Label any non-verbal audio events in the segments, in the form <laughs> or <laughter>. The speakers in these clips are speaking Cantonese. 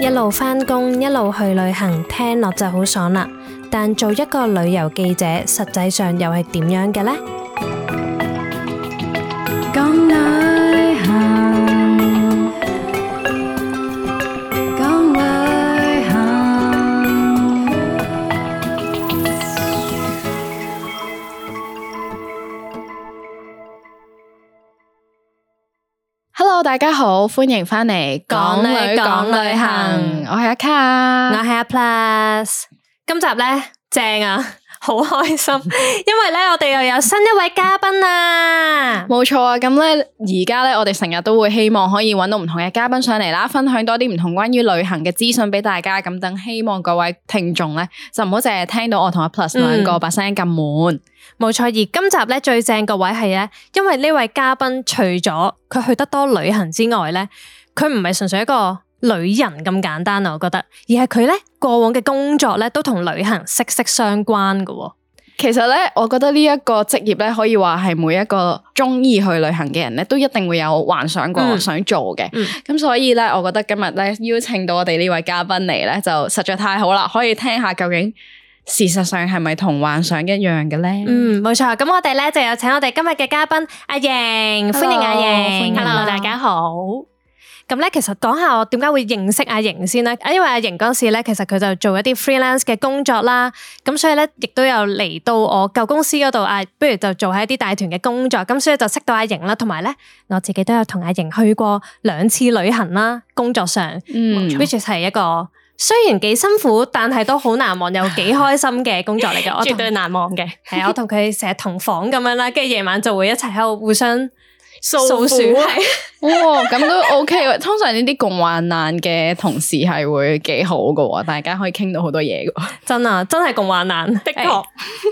一路返工，一路去旅行，聽落就好爽啦。但做一個旅遊記者，實際上又係點樣嘅呢？大家好，歡迎翻嚟港女港旅行，旅行我係阿 Car，我係阿 Plus，今集呢，正啊！好開心，因為咧我哋又有新一位嘉賓啦。冇錯啊，咁咧而家咧我哋成日都會希望可以搵到唔同嘅嘉賓上嚟啦，分享多啲唔同關於旅行嘅資訊俾大家。咁等希望各位聽眾咧就唔好淨係聽到我同阿 Plus 兩個把聲咁悶。冇錯，嗯，而今集咧最正個位係咧，因為呢位嘉賓除咗佢去得多旅行之外咧，佢唔係純粹一個。女人咁簡單啊，我覺得，而係佢咧過往嘅工作咧都同旅行息息相關噶、哦。其實咧，我覺得呢一個職業咧，可以話係每一個中意去旅行嘅人咧，都一定會有幻想過想做嘅。咁、嗯嗯、所以咧，我覺得今日咧邀請到我哋呢位嘉賓嚟咧，就實在太好啦，可以聽下究竟事實上係咪同幻想一樣嘅咧？嗯，冇錯。咁我哋咧，就有請我哋今日嘅嘉賓阿瑩，Hello, 歡迎阿瑩。Hello, Hello，大家好。咁咧，其實講下我點解會認識阿瑩先啦。因為阿瑩嗰陣時咧，其實佢就做一啲 freelance 嘅工作啦，咁所以咧，亦都有嚟到我舊公司嗰度啊。不如就做喺一啲大團嘅工作，咁所以就識到阿瑩啦。同埋咧，我自己都有同阿瑩去過兩次旅行啦，工作上。嗯，which is 係一個雖然幾辛苦，但係都好難忘又幾開心嘅工作嚟嘅。我 <laughs> 絕對難忘嘅跟，係啊， <laughs> 我同佢成日同房咁樣啦，跟住夜晚就會一齊喺度互相。掃雪係，哇，咁都 OK。通常呢啲共患難嘅同事係會幾好噶，大家可以傾到好多嘢噶。真啊，真係共患難。的確，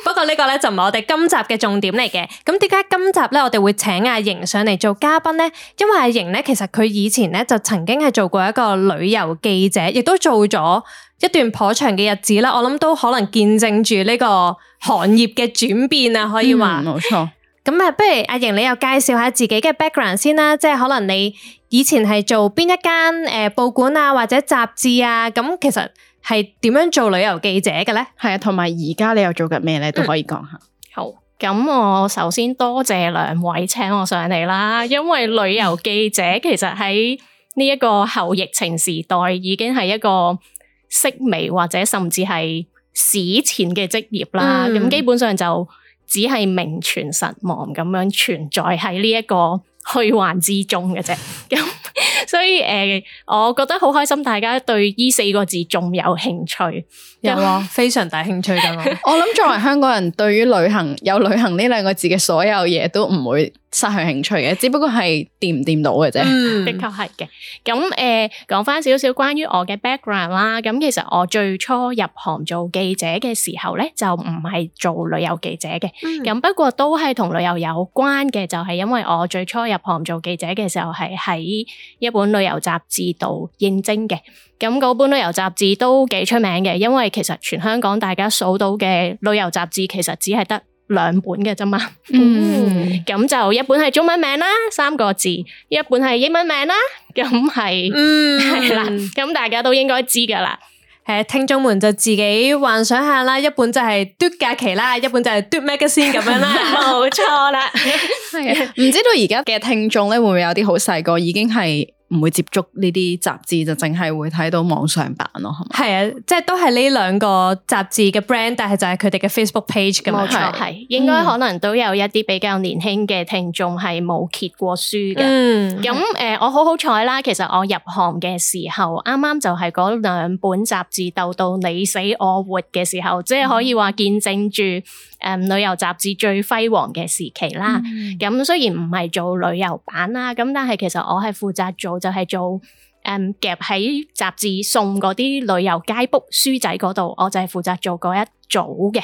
不過呢個咧就唔係我哋今集嘅重點嚟嘅。咁點解今集咧我哋會請阿瑩上嚟做嘉賓咧？因為阿瑩咧其實佢以前咧就曾經係做過一個旅遊記者，亦都做咗一段頗長嘅日子啦。我諗都可能見證住呢個行業嘅轉變啊，可以話冇錯。嗯咁啊，不如阿瑩，你又介紹下自己嘅 background 先啦，即係可能你以前係做邊一間誒、呃、報館啊，或者雜誌啊，咁其實係點樣做旅遊記者嘅咧？係啊，同埋而家你又做緊咩咧？都可以講下、嗯。好，咁我首先多謝兩位請我上嚟啦，因為旅遊記者其實喺呢一個後疫情時代，已經係一個式微或者甚至係史前嘅職業啦。咁、嗯、基本上就。只係名存實亡咁樣存在喺呢一個。去虛幻之中嘅啫，咁所以誒，我覺得好開心，大家對呢四個字仲有興趣，有啊，非常大興趣㗎。我諗作為香港人，對於旅行有旅行呢兩個字嘅所有嘢，都唔會失去興趣嘅，只不過係掂唔掂到嘅啫。的確係嘅。咁誒，講翻少少關於我嘅 background 啦。咁其實我最初入行做記者嘅時候呢，就唔係做旅遊記者嘅。咁不過都係同旅遊有關嘅，就係因為我最初有入行做記者嘅時候係喺一本旅遊雜誌度應徵嘅，咁嗰本旅遊雜誌都幾出名嘅，因為其實全香港大家數到嘅旅遊雜誌其實只係得兩本嘅啫嘛，嗯，咁 <laughs> 就一本係中文名啦，三個字，一本係英文名啦，咁係，嗯，係啦，咁大家都應該知噶啦。誒、uh, 聽眾們就自己幻想下啦，一本就係、是、讀假期啦，一本就係、是、讀 magazine 咁樣啦，冇 <laughs> 錯啦。係唔知道而家嘅聽眾咧，會唔會有啲好細個已經係？唔會接觸呢啲雜誌，就淨係會睇到網上版咯，係咪？係啊，即係都係呢兩個雜誌嘅 brand，但係就係佢哋嘅 Facebook page 咁，冇錯，係係是應該可能都有一啲比較年輕嘅聽眾係冇揭過書嘅。咁誒、嗯呃，我好好彩啦！其實我入行嘅時候，啱啱就係嗰兩本雜誌鬥到你死我活嘅時候，嗯、即係可以話見證住。誒、嗯，旅遊雜誌最輝煌嘅時期啦，咁、嗯、雖然唔係做旅遊版啦，咁但係其實我係負責做就係做、誒夾喺雜誌送嗰啲旅遊街 book 書仔嗰度，我就係負責做嗰一組嘅。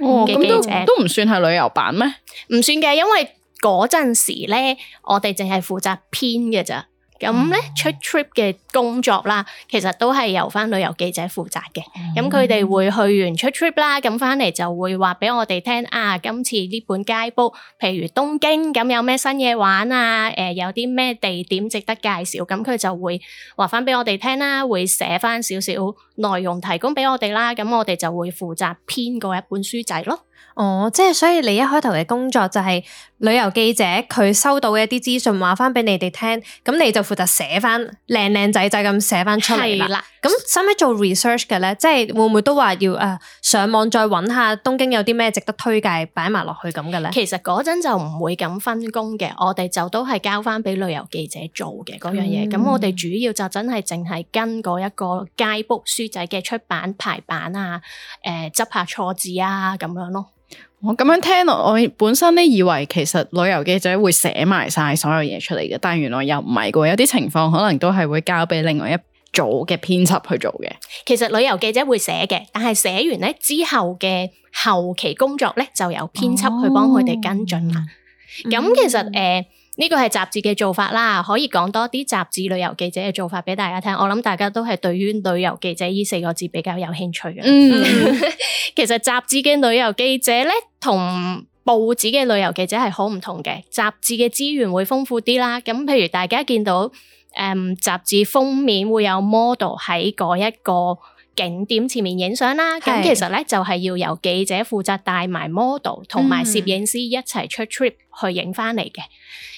哦，咁都都唔算係旅遊版咩？唔算嘅，因為嗰陣時咧，我哋淨係負責編嘅咋。咁咧、嗯、出 trip 嘅工作啦，其實都係由翻旅遊記者負責嘅。咁佢哋會去完出 trip 啦，咁翻嚟就會話俾我哋聽啊。今次呢本街 book，譬如東京咁有咩新嘢玩啊？誒、呃、有啲咩地點值得介紹？咁佢就會話翻俾我哋聽啦，會寫翻少少內容提供俾我哋啦。咁我哋就會負責編過一本書仔咯。哦，即係所以你一開頭嘅工作就係旅遊記者，佢收到嘅一啲資訊話翻俾你哋聽，咁你就負責寫翻靚靚仔仔咁寫翻出嚟啦。咁使唔使做 research 嘅咧？即係會唔會都話要誒、呃、上網再揾下東京有啲咩值得推介擺埋落去咁嘅咧？其實嗰陣就唔會咁分工嘅，我哋就都係交翻俾旅遊記者做嘅嗰樣嘢。咁、嗯、我哋主要就真係淨係跟嗰一個 guidebook 書仔嘅出版排版啊，誒、呃、執下錯字啊咁樣咯。我咁樣聽落，我本身咧以為其實旅遊記者會寫埋晒所有嘢出嚟嘅，但係原來又唔係喎，有啲情況可能都係會交俾另外一組嘅編輯去做嘅。其實旅遊記者會寫嘅，但係寫完咧之後嘅後期工作咧，就由編輯去幫佢哋跟進啦。咁其實誒。Mm hmm. 呃呢個係雜誌嘅做法啦，可以講多啲雜誌旅遊記者嘅做法俾大家聽。我諗大家都係對於旅遊記者呢四個字比較有興趣嘅。嗯， <laughs> 其實雜誌嘅旅遊記者咧，同報紙嘅旅遊記者係好唔同嘅。雜誌嘅資源會豐富啲啦。咁譬如大家見到，誒、嗯，雜誌封面會有 model 喺嗰、那、一個。景點前面影相啦，咁是其實咧就係要由記者負責帶埋 model 同埋攝影師一齊出 trip 去影翻嚟嘅。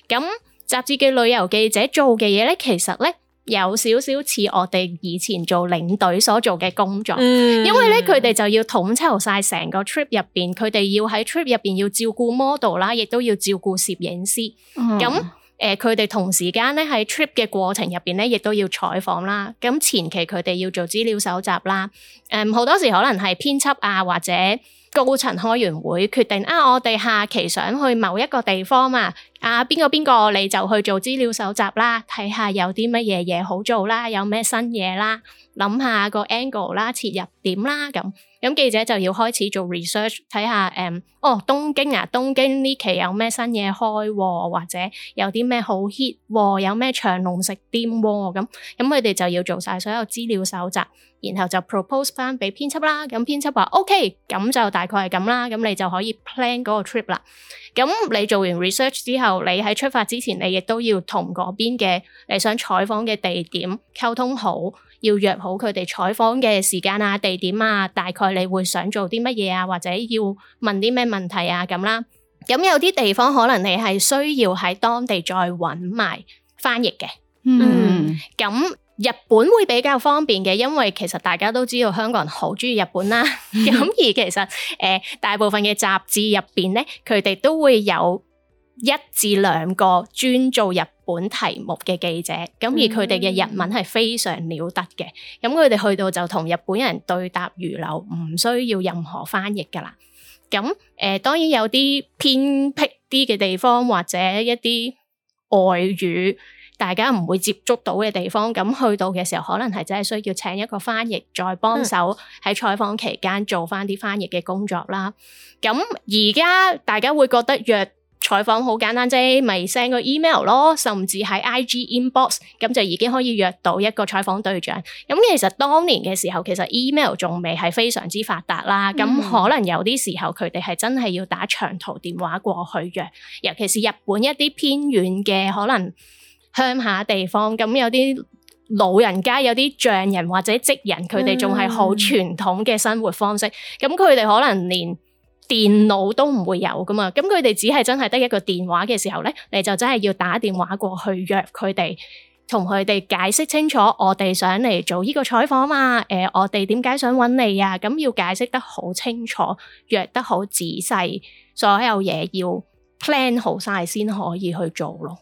咁、嗯、雜誌嘅旅遊記者做嘅嘢咧，其實咧有少少似我哋以前做領隊所做嘅工作，嗯、因為咧佢哋就要統籌晒成個 trip 入邊，佢哋要喺 trip 入邊要照顧 model 啦，亦都要照顧攝影師，咁、嗯。嗯誒佢哋同時間咧喺 trip 嘅過程入邊咧，亦都要採訪啦。咁前期佢哋要做資料搜集啦。誒、嗯、好多時可能係編輯啊，或者高層開完會決定啊，我哋下期想去某一個地方嘛、啊。啊邊個邊個你就去做資料搜集啦，睇下有啲乜嘢嘢好做啦，有咩新嘢啦，諗下個 angle 啦，切入點啦咁。咁記者就要開始做 research，睇下誒、嗯，哦東京啊，東京呢期有咩新嘢開喎，或者有啲咩好 hit 喎，有咩長龍食店喎，咁咁佢哋就要做曬所有資料搜集，然後就 propose 翻俾編輯啦。咁編輯話 OK，咁就大概係咁啦。咁你就可以 plan 嗰個 trip 啦。咁你做完 research 之後，你喺出發之前，你亦都要同嗰邊嘅你想採訪嘅地點溝通好。要約好佢哋採訪嘅時間啊、地點啊，大概你會想做啲乜嘢啊，或者要問啲咩問題啊咁啦。咁有啲地方可能你係需要喺當地再揾埋翻譯嘅。嗯，咁日本會比較方便嘅，因為其實大家都知道香港人好鍾意日本啦。咁而其實誒，大部分嘅雜誌入邊咧，佢哋都會有一至兩個專做日本題目嘅記者，咁而佢哋嘅日文係非常了得嘅，咁佢哋去到就同日本人對答如流，唔需要任何翻譯㗎喇。咁誒、呃、當然有啲偏僻啲嘅地方或者一啲外語，大家唔會接觸到嘅地方，咁去到嘅時候可能係真係需要請一個翻譯再幫手喺採訪期間做返啲翻譯嘅工作啦。咁而家大家會覺得若採訪好簡單啫，咪 send 個 email 咯，甚至喺 IG inbox，咁就已經可以約到一個採訪對象。咁其實當年嘅時候，其實 email 仲未係非常之發達啦，咁可能有啲時候佢哋係真係要打長途電話過去約，尤其是日本一啲偏遠嘅可能鄉下地方，咁有啲老人家有啲匠人或者職人，佢哋仲係好傳統嘅生活方式，咁佢哋可能連電腦都唔會有㗎嘛，咁佢哋只係真係得一個電話嘅時候呢，你就真係要打電話過去約佢哋，同佢哋解釋清楚我哋想嚟做呢個採訪嘛、啊。誒、呃，我哋點解想揾你啊？咁要解釋得好清楚，約得好仔細，所有嘢要 plan 好晒先可以去做咯。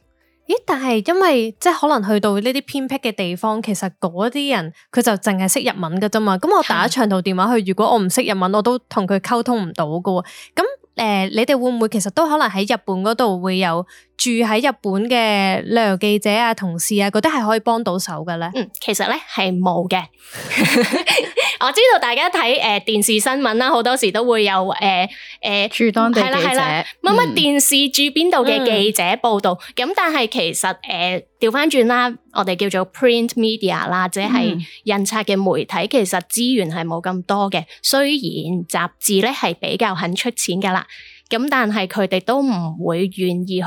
咦？但係因為即係可能去到呢啲偏僻嘅地方，其實嗰啲人佢就淨係識日文㗎啫嘛。咁我打長途電話去，如果我唔識日文，我都同佢溝通唔到㗎喎。咁誒、呃，你哋會唔會其實都可能喺日本嗰度會有住喺日本嘅旅遊記者啊、同事啊，嗰啲係可以幫到手嘅咧？嗯，其實咧係冇嘅。 <laughs> <laughs> 我知道大家睇誒、呃、電視新聞啦，好多時都會有誒誒、呃呃、住當地記者乜乜、嗯、電視住邊度嘅記者報道，咁、嗯、但係其實誒調翻轉啦，我哋叫做 print media 啦，即係印刷嘅媒體，其實資源係冇咁多嘅。雖然雜誌咧係比較肯出錢噶啦。咁但係佢哋都唔會願意去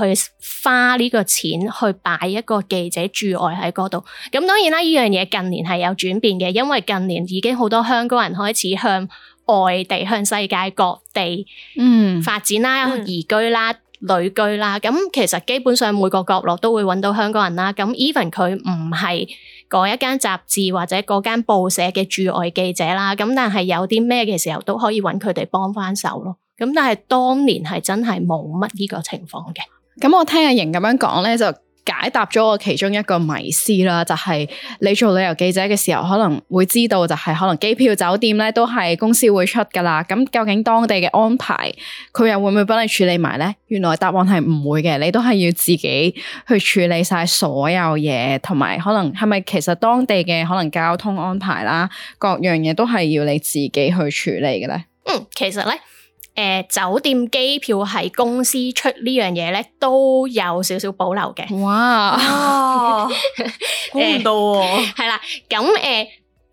花呢個錢去擺一個記者駐外喺嗰度。咁當然啦，呢樣嘢近年係有轉變嘅，因為近年已經好多香港人開始向外地、向世界各地嗯發展啦、移居啦、旅居啦。咁其實基本上每個角落都會揾到香港人啦。咁 even 佢唔係嗰一間雜誌或者嗰間報社嘅駐外記者啦，咁但係有啲咩嘅時候都可以揾佢哋幫翻手咯。咁但係當年係真係冇乜呢個情況嘅。咁我聽阿瑩咁樣講咧，就解答咗我其中一個迷思啦。就係你做旅遊記者嘅時候，可能會知道就係可能機票、酒店咧都係公司會出噶啦。咁究竟當地嘅安排，佢又會唔會幫你處理埋呢？原來答案係唔會嘅，你都係要自己去處理晒所有嘢，同埋可能係咪其實當地嘅可能交通安排啦，各樣嘢都係要你自己去處理嘅咧。嗯，其實咧。誒、呃，酒店機票係公司出呢樣嘢咧，都有少少保留嘅。哇，估唔 <laughs> 到喎、啊。係、 <laughs> 呃、啦，咁、呃、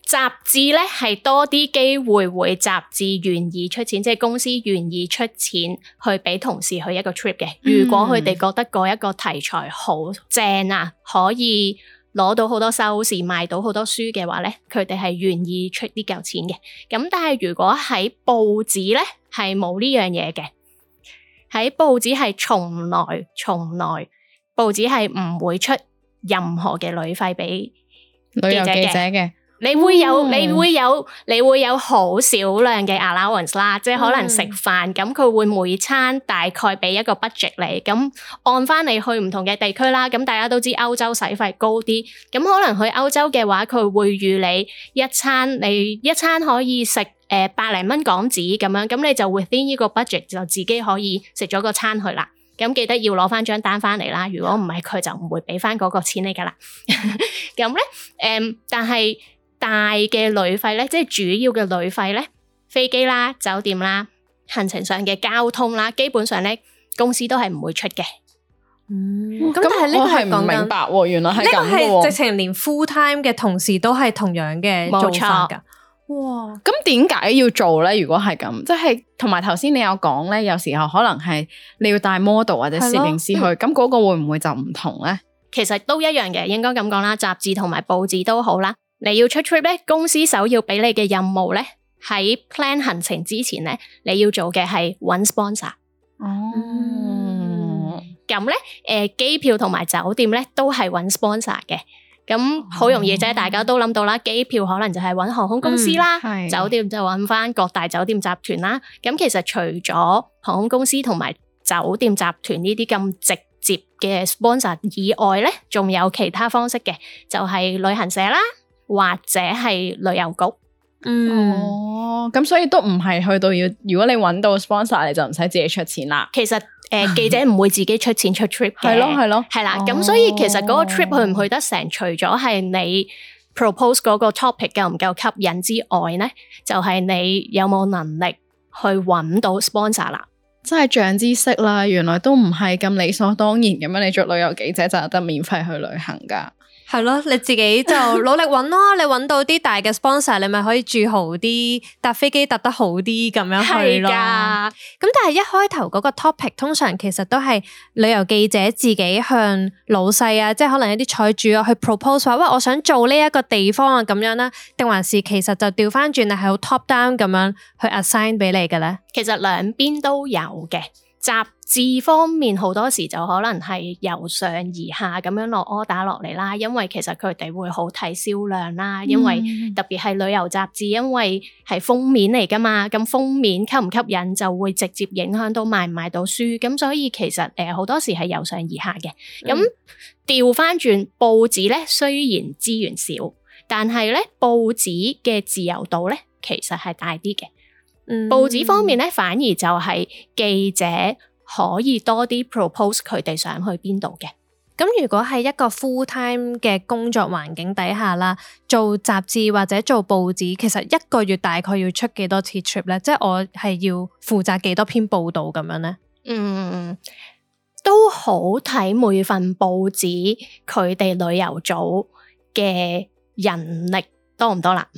誒，雜誌咧係多啲機會會雜誌願意出錢，即係公司願意出錢去俾同事去一個 trip 嘅。嗯、如果佢哋覺得嗰一個題材好正啊，可以。攞到好多收視，賣到好多書嘅話咧，佢哋係願意出啲嚿錢嘅。咁但係如果喺報紙咧係冇呢樣嘢嘅，喺報紙係從來從來報紙係唔會出任何嘅旅費俾旅遊記者嘅。你會，嗯、你會有，你會有，你會有好少量嘅 allowance 啦，即係可能食飯，咁佢、嗯、會每餐大概俾一個 budget 你，咁按翻你去唔同嘅地區啦，咁大家都知歐洲使費高啲，咁可能去歐洲嘅話，佢會預你一餐，你一餐可以食誒、呃、百零蚊港紙咁樣，咁你就 within 呢個 budget 就自己可以食咗個餐去啦。咁記得要攞翻張單翻嚟啦，如果唔係，佢就唔會俾翻嗰個錢你㗎啦。咁 <laughs> 咧，誒、嗯，但係。大嘅旅費咧，即係主要嘅旅費咧，飛機啦、酒店啦、行程上嘅交通啦，基本上咧公司都係唔會出嘅。嗯，咁但係呢個係唔明白喎，原來係咁嘅。直情連 full time 嘅同事都係同樣嘅做法噶。哇，咁點解要做咧？如果係咁，即係同埋頭先你有講咧，有時候可能係你要帶 model 或者攝影師去，咁嗰個會唔會就唔同咧？其實都一樣嘅，應該咁講啦。雜誌同埋報紙都好啦。你要出 trip 咧，公司首要俾你嘅任務咧，喺 plan 行程之前咧，你要做嘅係揾 sponsor。哦，咁咧、嗯，機、呃、票同埋酒店咧，都係揾 sponsor 嘅。咁好容易大家都諗到啦，機、哦、票可能就係揾航空公司啦，嗯，酒店就揾翻各大酒店集團啦。咁其實除咗航空公司同埋酒店集團呢啲咁直接嘅 sponsor 以外咧，仲有其他方式嘅，就係、是、旅行社啦。或者係旅遊局，嗯，哦，咁所以都唔係去到要，如果你揾到 sponsor，你就唔使自己出錢啦。其實誒，呃、 <laughs> 記者唔會自己出錢出 trip 嘅，係咯，係咯，係啦。咁所以其實嗰個 trip、哦、去唔去得成，除咗係你 propose 嗰個 topic 夠唔夠吸引之外咧，就係、是、你有冇能力去揾到 sponsor 啦。真係漲知識啦，原來都唔係咁理所當然咁樣，你做旅遊記者就有得免費去旅行噶。係咯， <laughs> 你自己就努力揾咯。 <laughs> 你揾到啲大嘅 sponsor，你咪可以住好啲，搭飛機搭得好啲咁樣去咯。咁的但係一開頭嗰個 topic 通常其實都係旅遊記者自己向老細啊，即係可能一啲採主啊去 proposal 話，喂，我想做呢一個地方啊咁樣啦，啊，定還是其實就調翻轉係好 top down 咁樣去 assign 俾你嘅咧？其實兩邊都有嘅。雜誌方面好多時就可能係由上而下咁樣落 order 落嚟啦，因為其實佢哋會好睇銷量啦，因為特別係旅遊雜誌，因為係封面嚟噶嘛，咁封面吸唔吸引就會直接影響到賣唔賣到書，咁所以其實誒好多時係由上而下嘅，咁調翻轉報紙咧，雖然資源少，但係咧報紙嘅自由度咧其實係大啲嘅。嗯、報紙方面咧，反而就係記者可以多啲 propose 佢哋想去邊度嘅。咁、嗯、如果係一個 full time 嘅工作環境底下啦，做雜誌或者做報紙，其實一個月大概要出幾多次 trip 咧？即係我係要負責幾多篇報道咁樣咧？嗯，都好睇每份報紙佢哋旅遊組嘅人力多唔多啦。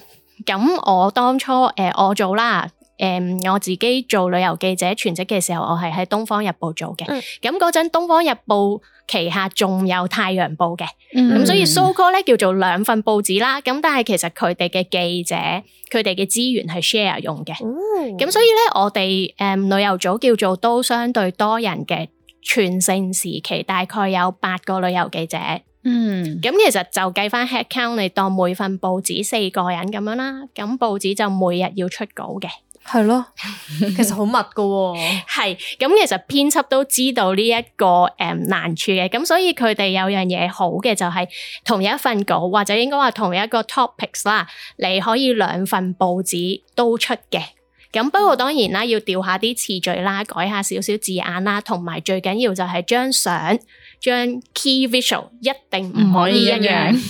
咁、 <laughs> 嗯、 <laughs> 我當初誒、呃，我做啦。誒、um，我自己做旅遊記者全職嘅時候，我係喺《東方日報》做嘅、嗯。咁嗰陣《東方日報》旗下仲有《太陽報》嘅、嗯，咁所以 so call 咧叫做兩份報紙啦。咁但係其實佢哋嘅記者，佢哋嘅資源係 share 用嘅。咁、嗯、所以咧我哋誒、嗯、旅遊組叫做都相對多人嘅，全盛時期，大概有八個旅遊記者。嗯，咁其實就計翻 head count 嚟當每份報紙四個人咁樣啦。咁報紙就每日要出稿嘅。係咯，其實好密噶、哦，係咁其實編輯都知道呢一個誒難處嘅，咁所以佢哋有樣嘢好嘅就係、是、同一份稿或者應該話同一個 topics 啦，你可以兩份報紙都出嘅，咁不過當然啦，要調下啲次序啦，改下少少字眼啦，同埋最緊要就係張相，張 key visual 一定唔可以一樣。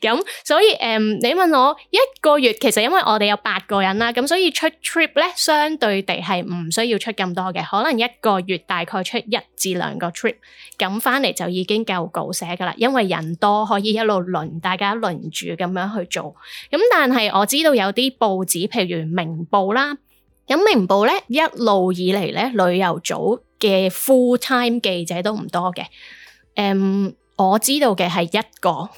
咁所以，誒，你問我一個月，其實因為我哋有八個人啦，咁所以出 trip 咧，相對地係唔需要出咁多嘅，可能一個月大概出一至兩個 trip，咁返嚟就已經夠稿寫噶啦。因為人多，可以一路輪，大家輪住咁樣去做。咁但係我知道有啲報紙，譬如明報啦，咁明報咧一路以嚟咧，旅遊組嘅 full time 記者都唔多嘅，誒。我知道嘅係一個，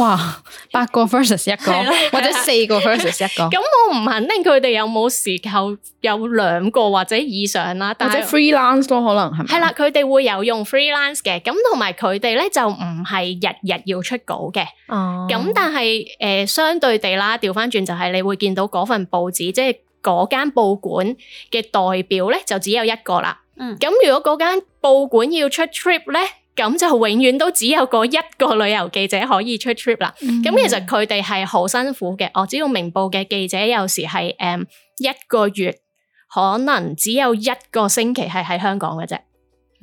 哇，八個 versus 一個，或者四個 versus 一個。咁我唔肯定佢哋有冇時候有兩個或者以上啦，或者 freelance 咯，可能係咪？係啦，佢哋會有用 freelance 嘅，咁同埋佢哋咧就唔係日日要出稿嘅。哦，咁但係誒，相對地啦，調翻轉就係你會見到嗰份報紙，即係嗰間報館嘅代表咧，就只有一個啦。嗯，咁如果嗰間報館要出 trip 咧？咁就永遠都只有嗰一個旅遊記者可以出 trip 啦。咁、嗯、其實佢哋係好辛苦嘅。我知道明報嘅記者有時係、誒、一個月可能只有一個星期係喺香港嘅啫。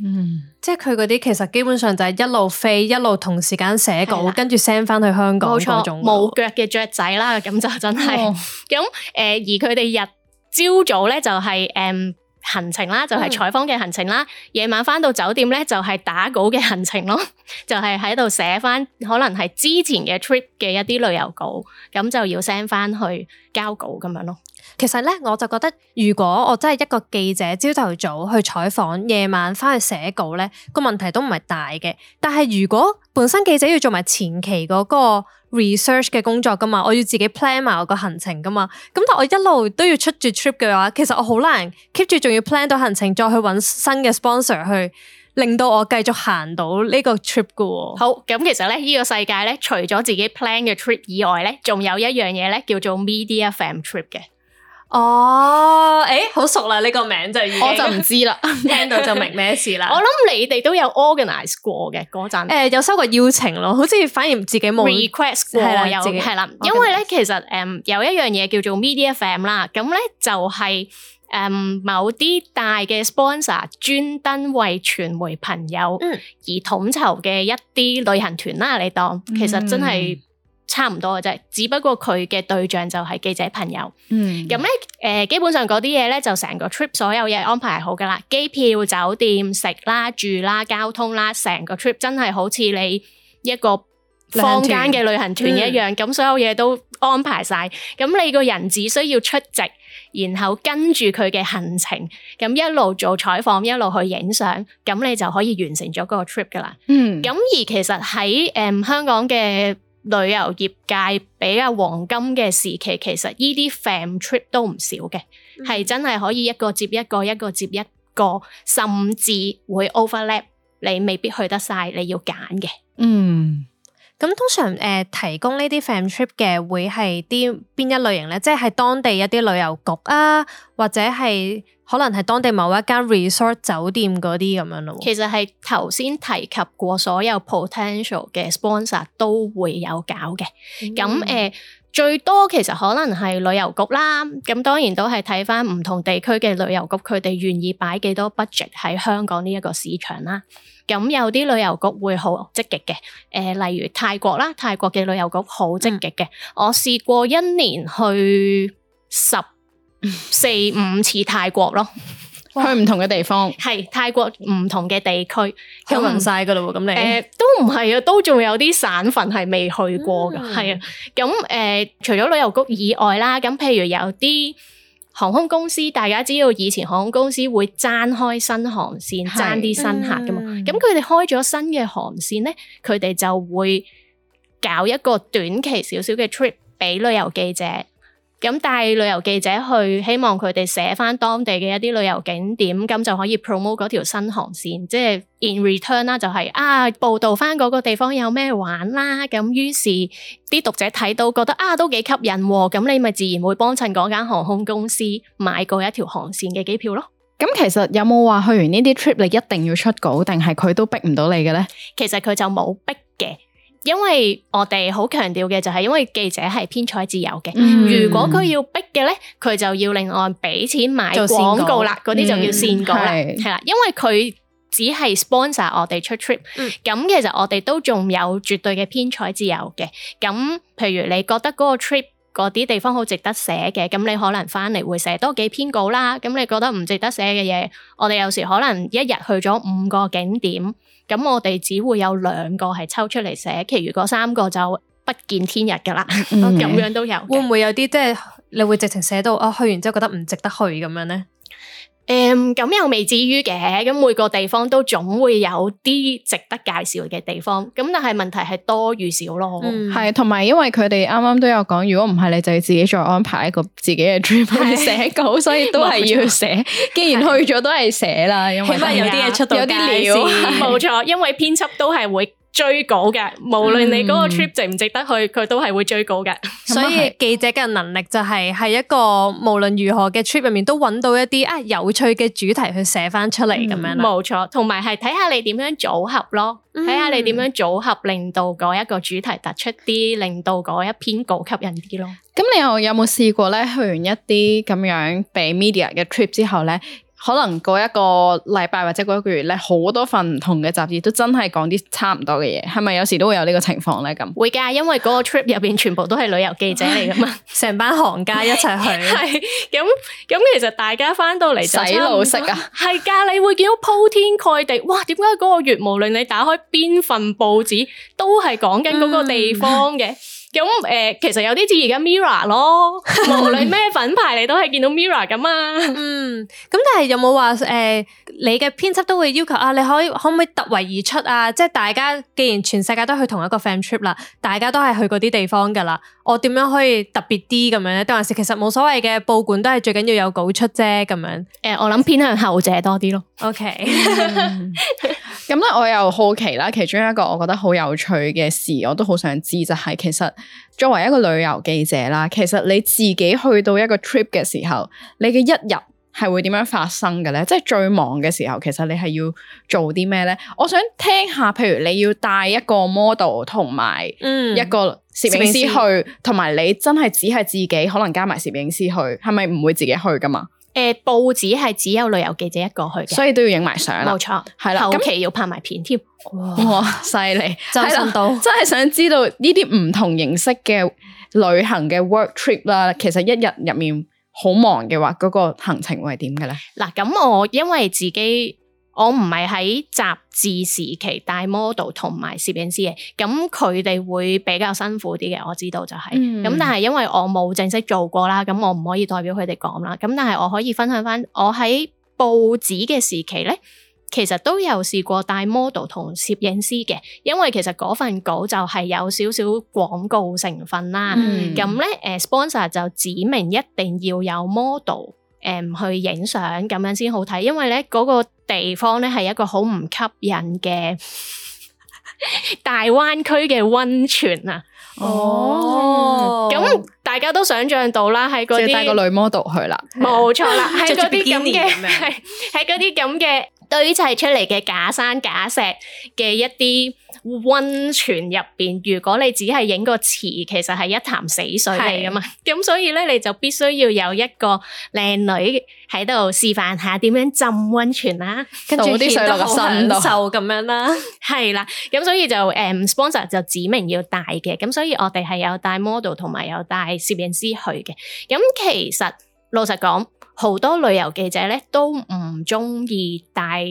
嗯，即係佢嗰啲其實基本上就係一路飛，一路同時間寫稿，了跟住 send 翻去香港冇錯，無腳嘅雀仔啦。咁就真係咁誒。無腳嘅雀仔啦。咁就真係咁誒。而佢哋日朝早咧就係、是、誒。嗯行程啦，就係採訪嘅行程啦。夜、嗯、晚翻到酒店咧，就係、是、打稿嘅行程咯。 <laughs> 就係喺度寫翻可能係之前嘅 trip 嘅一啲旅遊稿，咁就要 send 翻去交稿咁樣咯。其實咧，我就覺得，如果我真係一個記者，朝頭早去採訪，夜晚翻去寫稿咧，個問題都唔係大嘅。但係如果本身記者要做埋前期嗰個 research 嘅工作噶嘛，我要自己 plan 埋我個行程噶嘛。咁但我一路都要出住 trip 嘅話，其實我好難 keep 住，仲要 plan 到行程，再去揾新嘅 sponsor 去令到我繼續行到呢個 trip 嘅。好，咁，其實咧，呢個世界咧，除咗自己 plan 嘅 trip 以外咧，仲有一樣嘢咧，叫做 media firm trip 嘅。哦，誒、oh, 欸，好熟啦，呢個名就已經我就唔知啦，聽到 <laughs> 就明咩事啦。 <laughs> 我諗你哋都有 organize 過嘅嗰陣，誒、呃，有收過邀請咯，好似反而自己冇 request 過又係啦。因為咧己，其實誒、嗯、有一樣嘢叫做 media fam 啦、就是，咁咧就係誒某啲大嘅 sponsor 專登為傳媒朋友嗯而統籌嘅一啲旅行團啦、啊，你當其實真係。嗯嗯差唔多嘅啫，只不過佢嘅對象就係記者朋友。嗯，咁咧，誒、呃，基本上嗰啲嘢咧，就成個 trip 所有嘢安排好噶啦，機票、酒店、食啦、住啦、交通啦，成個 trip 真係好似你一個坊間嘅旅行團一樣。咁、嗯、所有嘢都安排晒，咁你個人只需要出席，然後跟住佢嘅行程，咁一路做採訪，一路去影相，咁你就可以完成咗嗰個 trip 噶啦。嗯，咁而其實喺誒、呃、香港嘅。旅遊業界比較黃金嘅時期，其實呢啲 fam trip 都唔少嘅，係、嗯、真係可以一個接一個，一個接一個，甚至會 overlap，你未必去得晒，你要揀嘅。嗯。咁通常誒、呃、提供呢啲 family trip 嘅，會係啲邊一類型呢？即係當地一啲旅遊局啊，或者係可能係當地某一間 resort 酒店嗰啲咁樣咯。其實係頭先提及過所有 potential 嘅 sponsor 都會有搞嘅。咁誒、嗯呃、最多其實可能係旅遊局啦。咁當然都係睇翻唔同地區嘅旅遊局，佢哋願意擺幾多 budget 喺香港呢一個市場啦。咁有啲旅遊局會好積極嘅，誒、呃，例如泰國啦，泰國嘅旅遊局好積極嘅。嗯、我試過一年去十四五次泰國咯，去唔同嘅地方，係泰國唔同嘅地區，行晒噶嘞喎，咁你誒都唔係啊，都仲有啲省份係未去過嘅，係、嗯、啊。咁、呃、誒，除咗旅遊局以外啦，咁譬如有啲，航空公司，大家知道，以前航空公司會爭開新航線，爭啲是新客噶嘛，咁佢哋開咗新嘅航線咧，佢哋就會搞一個短期少少嘅 trip 俾旅遊記者。咁帶旅遊記者去，希望佢哋寫返當地嘅一啲旅遊景點，咁就可以 promote 嗰條新航線。即係 in return 啦，就係啊，報導返嗰個地方有咩玩啦。咁於是啲讀者睇到覺得啊，都幾吸引喎。咁你咪自然會幫襯嗰間航空公司買過一條航線嘅機票咯。咁其實有冇話去完呢啲 trip 你一定要出稿，定係佢都逼唔到你嘅呢？其實佢就冇逼嘅。因為我哋好強調嘅就係，因為記者係編採自由嘅。嗯、如果佢要逼嘅咧，佢就要另外俾錢買廣告啦，嗰啲就叫鱔稿啦，係啦、嗯。因為佢只係 sponsor 我哋出 trip，咁、嗯、其實我哋都仲有絕對嘅編採自由嘅。咁譬如你覺得嗰個 trip 嗰啲地方好值得寫嘅，咁你可能翻嚟會寫多幾篇稿啦。咁你覺得唔值得寫嘅嘢，我哋有時可能一日去咗五個景點，咁我哋只會有兩個係抽出嚟寫，其餘嗰三個就不見天日噶啦。咁 Okay. 樣都有，會唔會有啲即係你會直情寫到啊？去完之後覺得唔值得去咁樣呢？誒咁、嗯、又未至於嘅，咁每個地方都總會有啲值得介紹嘅地方，咁但係問題係多與少咯。係、嗯，同埋因為佢哋啱啱都有講，如果唔係你就要自己再安排一個自己嘅 trip 去寫稿，是所以都係要寫。 <laughs> 錯既然去咗都係寫啦，的因為有啲嘢出到有啲料，冇的的錯，因為編輯都係會。追稿嘅，無論你嗰個 trip 值唔值得去，佢都係會追稿嘅。所以記者嘅能力就係係一個無論如何嘅 trip 入面都揾到一啲啊有趣嘅主題去寫翻出嚟咁樣啦。冇錯，同埋係睇下你點樣組合咯，睇下你點樣組合令到嗰一個主題突出啲，令到嗰一篇稿吸引啲咯。咁你又有冇試過咧？去完一啲咁樣俾 media 嘅 trip 之後咧？可能過一個禮拜或者過一個月咧，好多份唔同嘅雜誌都真係講啲差唔多嘅嘢，係咪有時都會有呢個情況咧？咁會噶，因為嗰個 trip 入邊全部都係旅遊記者嚟噶嘛，成 <laughs> 班行家一齊去，係咁咁。其實大家翻到嚟洗腦式啊，係噶，你會見到鋪天蓋地，哇！點解嗰個月無論你打開邊份報紙，都係講緊嗰個地方嘅。 <laughs> 咁誒，其實有啲似而家 Mirror 咯，無論咩品牌你都係見到 Mirror 咁啊。 <laughs> 嗯，咁但係有冇話誒，你嘅編輯都會要求啊？你可以可唔可以突圍而出啊？即係大家既然全世界都去同一個 fam trip 啦，大家都係去嗰啲地方噶啦，我點樣可以特別啲咁樣咧？但係其實冇所謂嘅，報館都係最緊要有稿出啫，咁樣。誒、呃，我諗偏向後者多啲咯。OK。 <laughs> <laughs> 咁咧，我又好奇啦，其中一個我覺得好有趣嘅事，我都好想知就係、是，其實作為一個旅遊記者啦，其實你自己去到一個 trip 嘅時候，你嘅一日係會點樣發生嘅咧？即係最忙嘅時候，其實你係要做啲咩咧？我想聽下，譬如你要帶一個 model 同埋，嗯，一個攝影師去，同埋、嗯、你真係只係自己，可能加埋攝影師去，係咪唔會自己去噶嘛？誒、呃，報紙係只有旅遊記者一個去嘅，所以都要影埋相啦，冇錯錯，係啦了，後期要拍埋片添，那哇，犀利，周身都， <laughs> 真係想知道呢啲唔同形式嘅旅行嘅 work trip 啦， <laughs> 其實一日入面好忙嘅話，嗰、那個嗰個行程會係點嘅咧？嗱，咁我因為自己。我唔係喺雜誌時期帶 model 同埋攝影師嘅，咁佢哋會比較辛苦啲嘅，我知道就係、是。咁、嗯、但係因為我冇正式做過啦，咁我唔可以代表佢哋講啦。咁但係我可以分享翻，我喺報紙嘅時期咧，其實都有試過帶 model 同攝影師嘅，因為其實嗰份稿就係有少少廣告成分啦。咁咧、嗯，誒 sponsor、呃、就指明一定要有 model。誒唔、嗯、去影相咁樣先好睇，因為咧嗰、那個地方咧係一個好唔吸引嘅大灣區嘅溫泉啊！哦，咁、嗯、大家都想像到啦，喺嗰啲帶個女 model 去啦，冇錯啦，喺嗰啲咁嘅，喺嗰啲咁嘅堆砌出嚟嘅假山假石嘅一啲。溫泉入邊，如果你只係影個池，其實係一潭死水嚟噶嘛。咁的所以咧，你就必須要有一個靚女喺度示範下點樣浸溫泉啦，啊，跟住濺到個身度咁樣啦，啊。係啦， <laughs> 咁所以就誒，sponsor，嗯、就指明要帶嘅。咁所以我哋係有帶 model 同埋有帶攝影師去嘅。咁其實老實講，好多旅遊記者咧都唔中意帶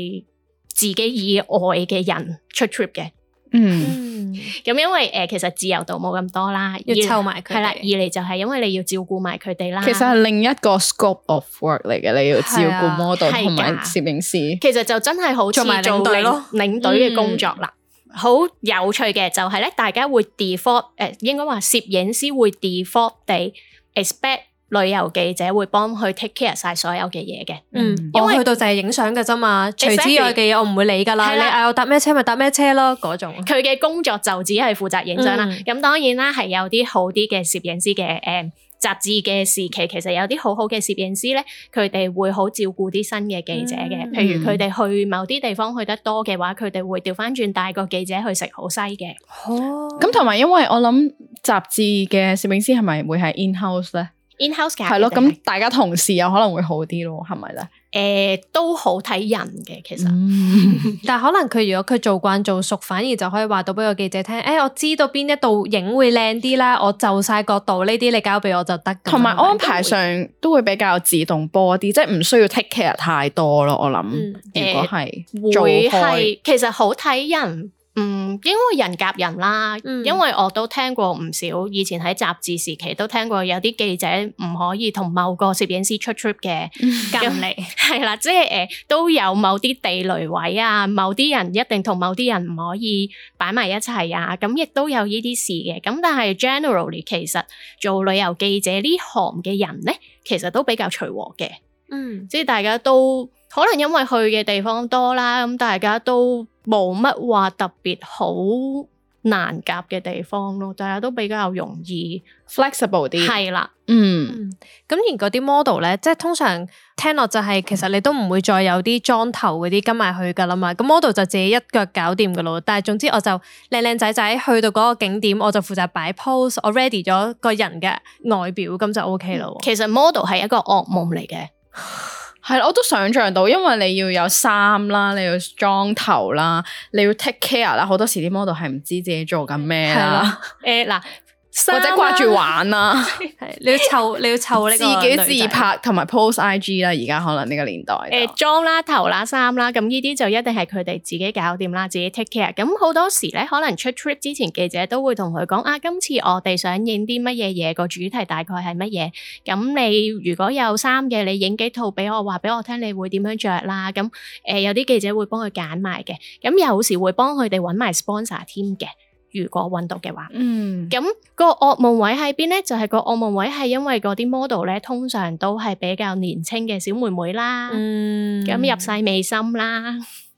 自己以外嘅人出 trip 嘅。嗯，咁、嗯、因為誒、呃，其實自由度冇咁多啦，要湊埋佢，係啦要。二嚟就係因為你要照顧埋佢哋啦。其實係另一個 scope of work 嚟嘅，你要照顧 model 同埋攝影師。其實就真係好似做埋領隊咯，領隊嘅工作啦，好、嗯、有趣嘅就係咧，大家會 default，誒、呃，應該話攝影師會 default 地 expect。旅遊記者會幫佢 take care 晒所有嘅嘢嘅，嗯，因為我去到就係影相嘅啫嘛，除此之外嘅嘢我唔會理噶啦。Exactly. 你嗌我搭咩車咪搭咩車咯，嗰種。佢嘅工作就只係負責影相啦。咁、嗯、當然啦，係有啲好啲嘅攝影師嘅，誒，雜誌嘅時期其實有啲好好嘅攝影師咧，佢哋會好照顧啲新嘅記者嘅。嗯、譬如佢哋去某啲地方去得多嘅話，佢哋會調翻轉帶個記者去食好西嘅。哦。咁同埋，因為我諗雜誌嘅攝影師係咪會係 in house 咧？in house 係咯，咁了大家同事有可能會好啲咯，係咪咧？誒、欸，都好睇人嘅，其實，嗯、 <laughs> 但係可能佢如果佢做慣做熟，反而就可以話到俾個記者聽，誒、欸，我知道邊一度影會靚啲啦，我就晒角度呢啲，你交俾我就得。同埋安排上都會比較自動波啲，即係唔需要 take care 太多咯。我諗、嗯，如果係會係是，拍其實好睇人。嗯，因為人夾人啦，嗯、因為我都聽過唔少，以前喺雜誌時期都聽過有啲記者唔可以同某個攝影師出 trip 嘅。Generally 係啦，即係誒都有某啲地雷位啊，某啲人一定同某啲人唔可以擺埋一齊啊，咁亦都有呢啲事嘅。咁但係 Generally 其實做旅遊記者行呢行嘅人咧，其實都比較隨和嘅，嗯，即係大家都可能因為去嘅地方多啦，咁大家都。冇乜話特別好難夾嘅地方咯，大家都比較容易 flexible 啲。係啦，嗯。咁而嗰啲 model 咧，即係通常聽落就係其實你都唔會再有啲裝頭嗰啲跟埋去噶啦嘛。咁 model 就自己一腳搞掂噶咯。但係總之我就靚靚仔仔去到嗰個景點，我就負責擺 pose，我 ready 咗個人嘅外表，咁就 OK 啦，嗯。其實 model 係一個噩夢嚟嘅。係啦，我都想像到，因為你要有衫啦，你要裝頭啦，你要 take care 啦，好多時啲 model 係唔知自己做緊咩啦。誒嗱的。 <laughs> 欸或者掛住玩啦，你要湊你要湊呢自己自拍同埋 post IG 啦，而家可能呢個年代誒妝、呃、啦、頭啦、衫啦，咁呢啲就一定係佢哋自己搞掂啦，自己 take care。咁好多時咧，可能出 trip 之前，記者都會同佢講啊，今次我哋想影啲乜嘢嘢，個主題大概係乜嘢？咁你如果有衫嘅，你影幾套俾我，話俾我聽，你會點樣着啦？咁誒、呃、有啲記者會幫佢揀埋嘅，咁有時會幫佢哋揾埋 sponsor 添嘅。如果揾到嘅話，嗯，咁、那個噩夢位喺邊咧？就係、是、個噩夢位係因為嗰啲 model 咧，通常都係比較年輕嘅小妹妹啦，咁、嗯、入世未深啦，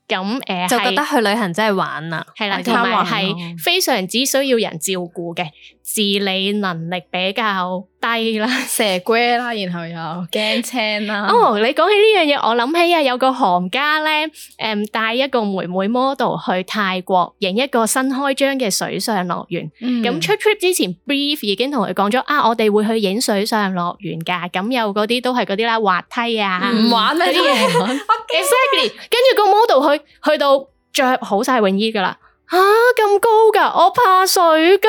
咁 <laughs> 誒、呃、就覺得去旅行真係玩啊，係啦的，同埋係非常之需要人照顧嘅。嗯自理能力比較低啦，蛇龜啦，然後又驚青啦。哦，你講起呢樣嘢，我諗起啊，有個行家咧，誒、呃、帶一個妹妹 model 去泰國影一個新開張嘅水上樂園。咁、嗯、出 trip 之前 brief 已經同佢講咗啊，我哋會去影水上樂園㗎，咁、啊、有嗰啲都係嗰啲啦，滑梯啊，唔玩嗰啲嘢。跟住、 <laughs> exactly, 個 model 去去到着好晒泳衣㗎啦。啊，咁高噶，我怕水噶。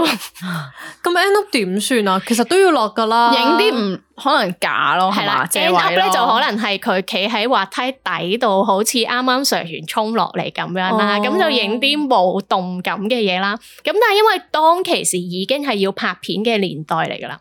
咁 <laughs> end up 點算啊？其實都要落噶啦，影啲唔可能假咯，係嘛？end up 咧、啊、就可能係佢企喺滑梯底度，好似啱啱上完沖落嚟咁樣啦。咁、哦、就影啲冇動感嘅嘢啦。咁但係因為當其時已經係要拍片嘅年代嚟噶啦，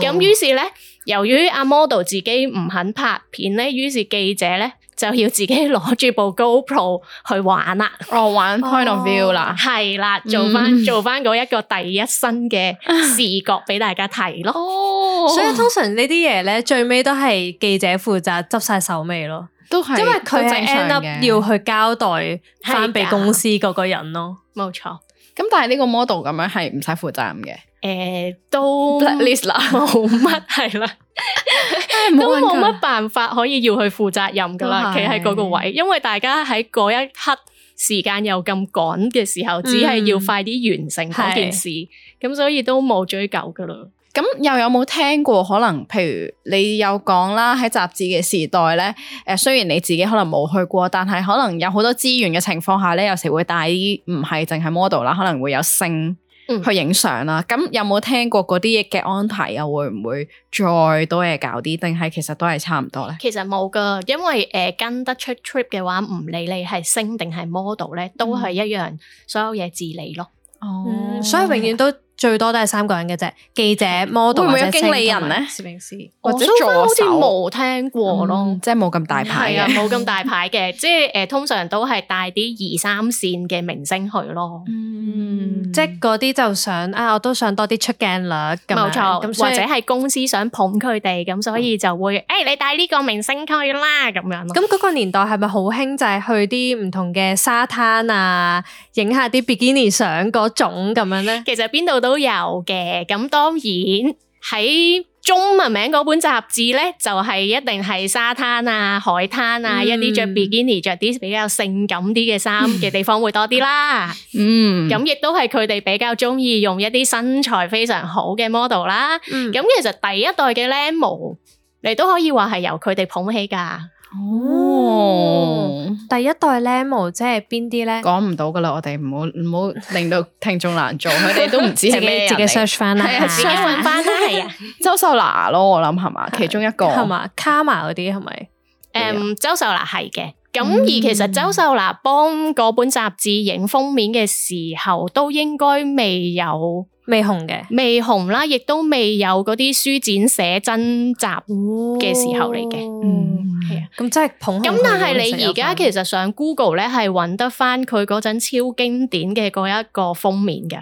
咁、哦、於是咧，由於阿 model 自己唔肯拍片咧，於是記者咧。就要自己攞住部 GoPro 去玩啦，哦，oh, 玩 Point of View 啦，係啦、oh,，做翻、mm. 做翻嗰一個第一身嘅視覺俾大家睇咯。Oh, oh. 所以通常呢啲嘢咧，最尾都係記者負責執晒手尾咯，都係是因為佢係 end up 要去交代翻俾公司嗰個人咯，冇錯。咁但係呢個 model 咁樣係唔使負責任嘅，誒、呃，都 blacklist 啦，冇乜係啦。 <laughs> 都冇乜辦法可以要去負責任噶啦，企喺嗰個位，因為大家喺嗰一刻時間又咁趕嘅時候，嗯嗯只係要快啲完成嗰件事，咁是的 所以都冇追究噶啦。咁又有冇聽過？可能譬如你有講啦，喺雜誌嘅時代咧，誒，雖然你自己可能冇去過，但係可能有好多資源嘅情況下咧，有時會帶啲唔係淨係 model 啦，可能會有星。去影相啦，咁有冇聽過嗰啲嘢嘅安排啊？會唔會再多嘢搞啲，定係其實都係差唔多咧？其實冇噶，因為誒跟得出 trip 嘅話，唔理你係星定係 model 咧，都係一樣所有嘢自理咯。哦，所以永遠都。最多都係三個人嘅啫，記者、model 或者經理人咧，攝影師或者助手，好似冇聽過咯，即係冇咁大牌，係啊，冇咁大牌嘅，即係誒通常都係帶啲二三線嘅明星去咯，嗯，即係嗰啲就想啊，我都想多啲出鏡率，冇錯，或者係公司想捧佢哋，咁所以就會誒你帶呢個明星去啦，咁樣咯。咁嗰個年代係咪好興就係去啲唔同嘅沙灘啊，影下啲比基尼相嗰種咁樣咧？其實邊度都～都有嘅，咁當然喺中文名嗰本雜誌咧，就係一定係沙灘啊、海灘啊一啲着比基尼、着啲比較性感啲嘅衫嘅地方會多啲啦。嗯，咁亦都係佢哋比較中意用一啲身材非常好嘅 model 啦。咁其實第一代嘅靚模，你都可以話係由佢哋捧起㗎。哦，oh, 第一代嫩模即係邊啲咧？講唔到噶啦，我哋唔好唔好令到聽眾難做，佢哋 <laughs> 都唔知係咩 <laughs> 自己 search 翻啦，係啊，自己搵翻都係啊。周秀娜咯，我諗係嘛， <laughs> 其中一個係嘛，卡瑪嗰啲係咪？誒，um, 周秀娜係嘅。咁、嗯、而其實周秀娜幫嗰本雜誌影封面嘅時候，都應該未有。未紅嘅，未紅啦，亦都未有嗰啲書展寫真集嘅時候嚟嘅、哦。嗯，係啊，咁真係捧。咁但係你而家其實上 Google 咧，係揾得翻佢嗰陣超經典嘅嗰一個封面嘅，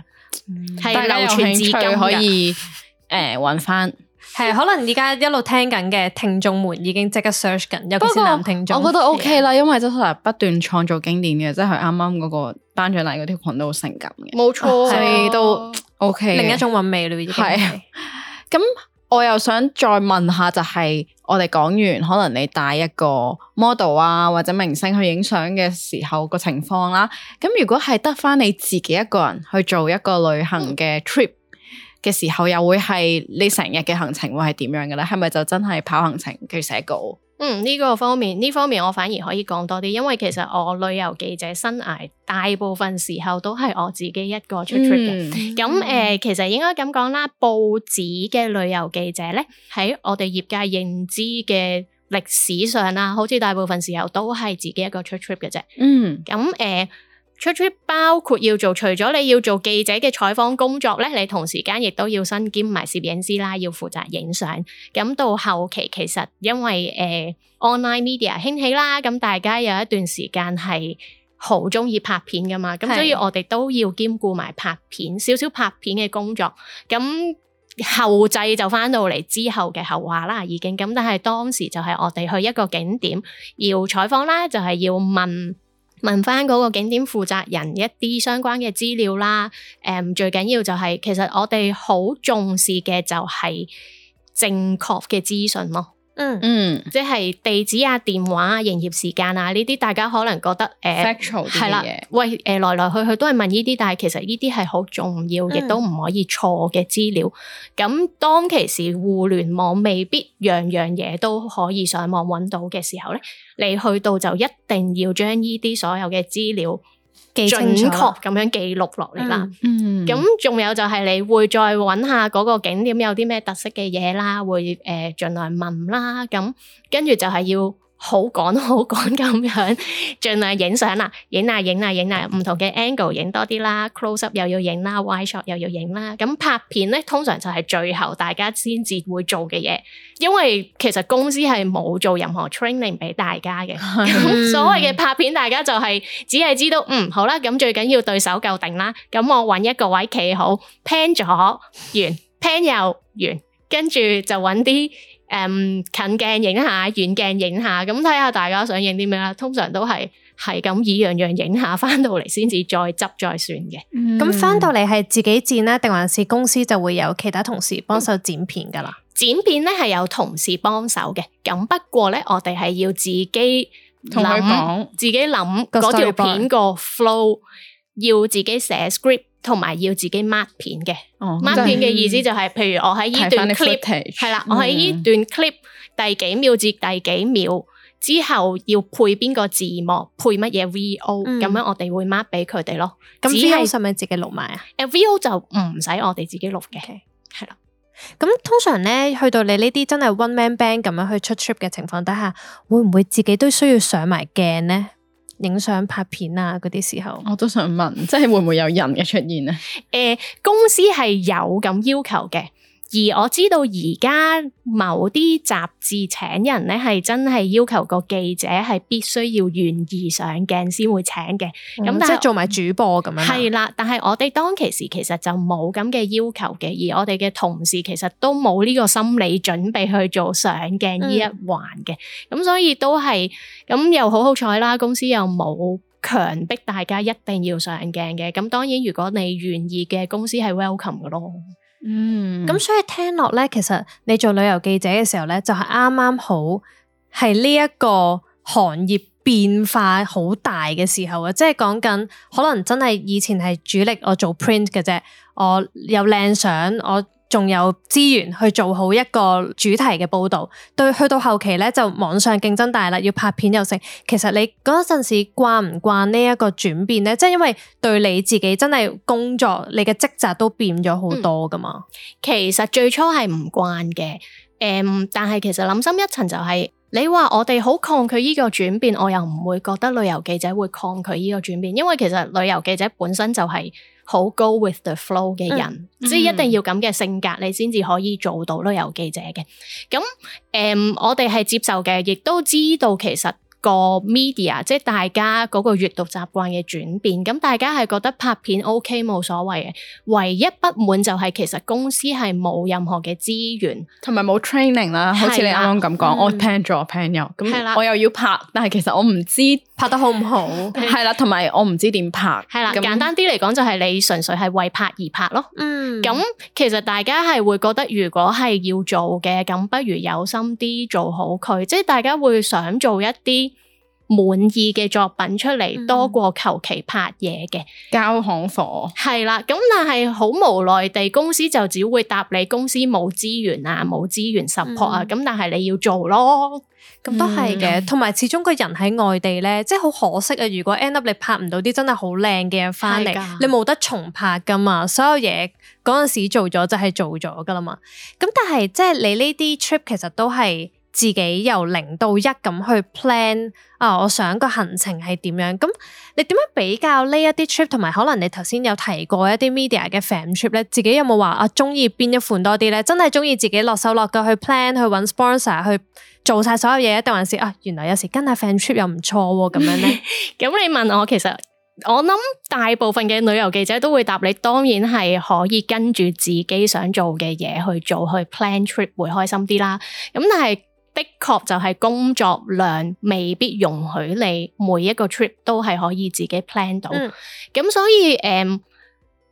係、嗯、流傳至今可以誒揾翻。係、呃嗯嗯啊、可能而家一路聽緊嘅聽眾們已經即刻 search 緊，尤其是男聽眾。我覺得 OK 啦，啊、因為周秀娜又不斷創造經典嘅，即係佢啱啱嗰個頒獎禮嗰條裙都好性感嘅，冇錯係、啊啊、都。O Okay , K，另一種韻味類型。係，咁我又想再問下、就係，就係我哋講完，可能你帶一個 model 啊或者明星去影相嘅時候個情況啦。咁如果係得翻你自己一個人去做一個旅行嘅 trip 嘅時候，嗯、又會係你成日嘅行程會係點樣嘅咧？係咪就真係跑行程去寫稿？嗯，呢、這個方面，呢方面我反而可以講多啲，因為其實我旅遊記者生涯大部分時候都係我自己一個出 trip 嘅。咁誒、嗯，呃嗯、其實應該咁講啦，報紙嘅旅遊記者咧，喺我哋業界認知嘅歷史上啦，好似大部分時候都係自己一個出 trip 嘅啫。嗯，咁誒。呃出 trip 包括要做，除咗你要做記者嘅採訪工作咧，你同時間亦都要身兼埋攝影師啦，要負責影相。咁到後期其實因為誒 online media 興起啦，咁大家有一段時間係好中意拍片噶嘛，咁的所以我哋都要兼顧埋拍片，少少拍片嘅工作。咁後製就返到嚟之後嘅後話啦，已經。咁但係當時就係我哋去一個景點要採訪啦，就係要問。問翻嗰個景點負責人一啲相關嘅資料啦，誒，最緊要就係其實我哋好重視嘅就係正確嘅資訊咯。嗯嗯，即係地址啊、電話啊、營業時間啊呢啲，大家可能覺得誒係、呃、啦，喂誒、呃、來來去去都係問呢啲，但係其實呢啲係好重要，亦、嗯、都唔可以錯嘅資料。咁當其時互聯網未必樣樣嘢都可以上網揾到嘅時候咧，你去到就一定要將呢啲所有嘅資料。記準確咁樣記錄落嚟啦，咁仲、嗯嗯、有就係你會再揾下嗰個景點有啲咩特色嘅嘢啦，會誒盡量問啦，咁跟住就係要。好趕好趕咁樣，盡量影相啦，影啊影啊影啊，唔同嘅 angle 影多啲啦，close up 又要影啦，wide shot 又要影啦。咁拍片咧，通常就係最後大家先至會做嘅嘢，因為其實公司係冇做任何 training 俾大家嘅。咁所謂嘅拍片，大家就係只係知道，嗯，好啦，咁最緊要對手夠定啦，咁我揾一個位企好，pan 左完，pan 右完，跟住就揾啲。誒、um, 近鏡影下，遠鏡影下，咁睇下大家想影啲咩啦。通常都係係咁，一樣樣影下，翻到嚟先至再執再算嘅。咁翻、嗯、到嚟係自己剪啦，定還是公司就會有其他同事幫手剪片噶啦、嗯？剪片咧係有同事幫手嘅，咁不過咧，我哋係要自己同佢講，想自己諗嗰條片個 flow，story 要自己寫 script。同埋要自己 mark 片嘅，mark 片嘅意思就係，譬如我喺呢段 clip 係啦，我喺呢段 clip 第幾秒至第幾秒之後要配邊個字幕，配乜嘢 VO，咁樣我哋會 mark 俾佢哋咯。咁之後係咪自己錄埋啊？誒，VO 就唔使我哋自己錄嘅，係啦。咁通常咧，去到你呢啲真係 one man band 咁樣去出 trip 嘅情況底下，會唔會自己都需要上埋鏡咧？影相拍、拍片啊，嗰啲時候，我都想問，即係會唔會有人嘅出現？欸，公司係有咁要求嘅。而我知道而家某啲雜誌請人咧，係真係要求個記者係必須要願意上鏡先會請嘅。咁、嗯、但係是做埋主播咁樣。係啦、嗯，但係我哋當其時其實就冇咁嘅要求嘅，而我哋嘅同事其實都冇呢個心理準備去做上鏡呢一環嘅。咁、嗯、所以都係咁又好好彩啦，公司又冇強逼大家一定要上鏡嘅。咁當然如果你願意嘅，公司係 welcome 嘅咯。嗯，咁所以聽落咧，其實你做旅遊記者嘅時候咧，就係啱啱好係呢一個行業變化好大嘅時候啊！即係講緊，可能真係以前係主力，我做 print 嘅啫，我有靚相我。仲有資源去做好一個主題嘅報導，對去到後期咧就網上競爭大啦，要拍片又成。其實你嗰陣時慣唔慣呢一個轉變呢？即、就、係、是、因為對你自己真係工作，你嘅職責都變咗好多㗎嘛、嗯。其實最初係唔慣嘅，誒、嗯，但係其實諗深一層就係、是，你話我哋好抗拒呢個轉變，我又唔會覺得旅遊記者會抗拒呢個轉變，因為其實旅遊記者本身就係、是。好 go with the flow 嘅人。嗯、即係一定要咁嘅性格，你先至可以做到旅遊記者嘅。咁、嗯，我哋係接受嘅，亦都知道其實。個 media 即係大家嗰個閱讀習慣嘅轉變，咁大家係覺得拍片 OK 冇所謂嘅，唯一不滿就係其實公司係冇任何嘅資源，同埋冇 training 啦。的好似你啱啱咁講，我聽咗我朋友咁，yo，的我又要拍，但係其實我唔知拍得好唔好，係啦的，同埋的我唔知點拍，係啦的。那簡單啲嚟講，就係你純粹係為拍而拍咯。嗯，咁其實大家係會覺得，如果係要做嘅，咁不如有心啲做好佢，即係大家會想做一啲。滿意嘅作品出嚟、嗯、多過求其拍嘢嘅交行貨係啦，咁但係好無奈地，公司就只會答你公司冇資源啊，冇資源 support 啊，咁、嗯、但係你要做咯，咁、嗯、都係嘅。同埋、嗯、始終個人喺外地咧，嗯、即係好可惜啊！如果 end up 你拍唔到啲真係好靚嘅嘢翻嚟，的你冇得重拍噶嘛，所有嘢嗰陣時做咗就係做咗噶啦嘛。咁但係即係你呢啲 trip 其實都係。自己由零到一咁去 plan 啊，我想個行程係點樣？咁你點樣比較呢一啲 trip 同埋可能你頭先有提過一啲 media 嘅 fam trip 咧？自己有冇話啊中意邊一款多啲咧？真係中意自己落手落腳去 plan 去揾 sponsor 去做晒所有嘢，定還是啊？原來有時跟下 fam trip 又唔錯咁樣咧？咁 <laughs> 你問我，其實我諗大部分嘅旅遊記者都會答你，當然係可以跟住自己想做嘅嘢去做，去 plan trip 會開心啲啦。咁但係。的確就係工作量未必容許你每一個 trip 都係可以自己 plan 到，咁、嗯、所以誒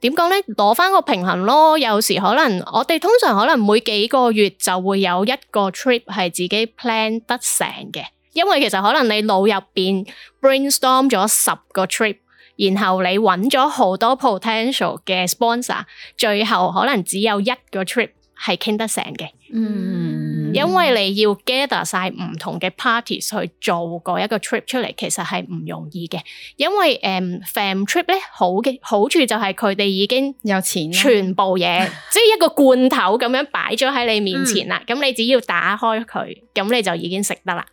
點講咧，攞翻個平衡咯。有時可能我哋通常可能每幾個月就會有一個 trip 係自己 plan 得成嘅，因為其實可能你腦入邊 brainstorm 咗十個 trip，然後你揾咗好多 potential 嘅 sponsor，最後可能只有一個 trip 係傾得成嘅。嗯。嗯、因為你要 gather 晒唔同嘅 parties 去做過一個 trip 出嚟，其實係唔容易嘅。因為誒、嗯、fam trip 咧，好嘅好處就係佢哋已經有錢、啊，全部嘢 <laughs> 即係一個罐頭咁樣擺咗喺你面前啦。咁、嗯、你只要打開佢，咁你就已經食得啦。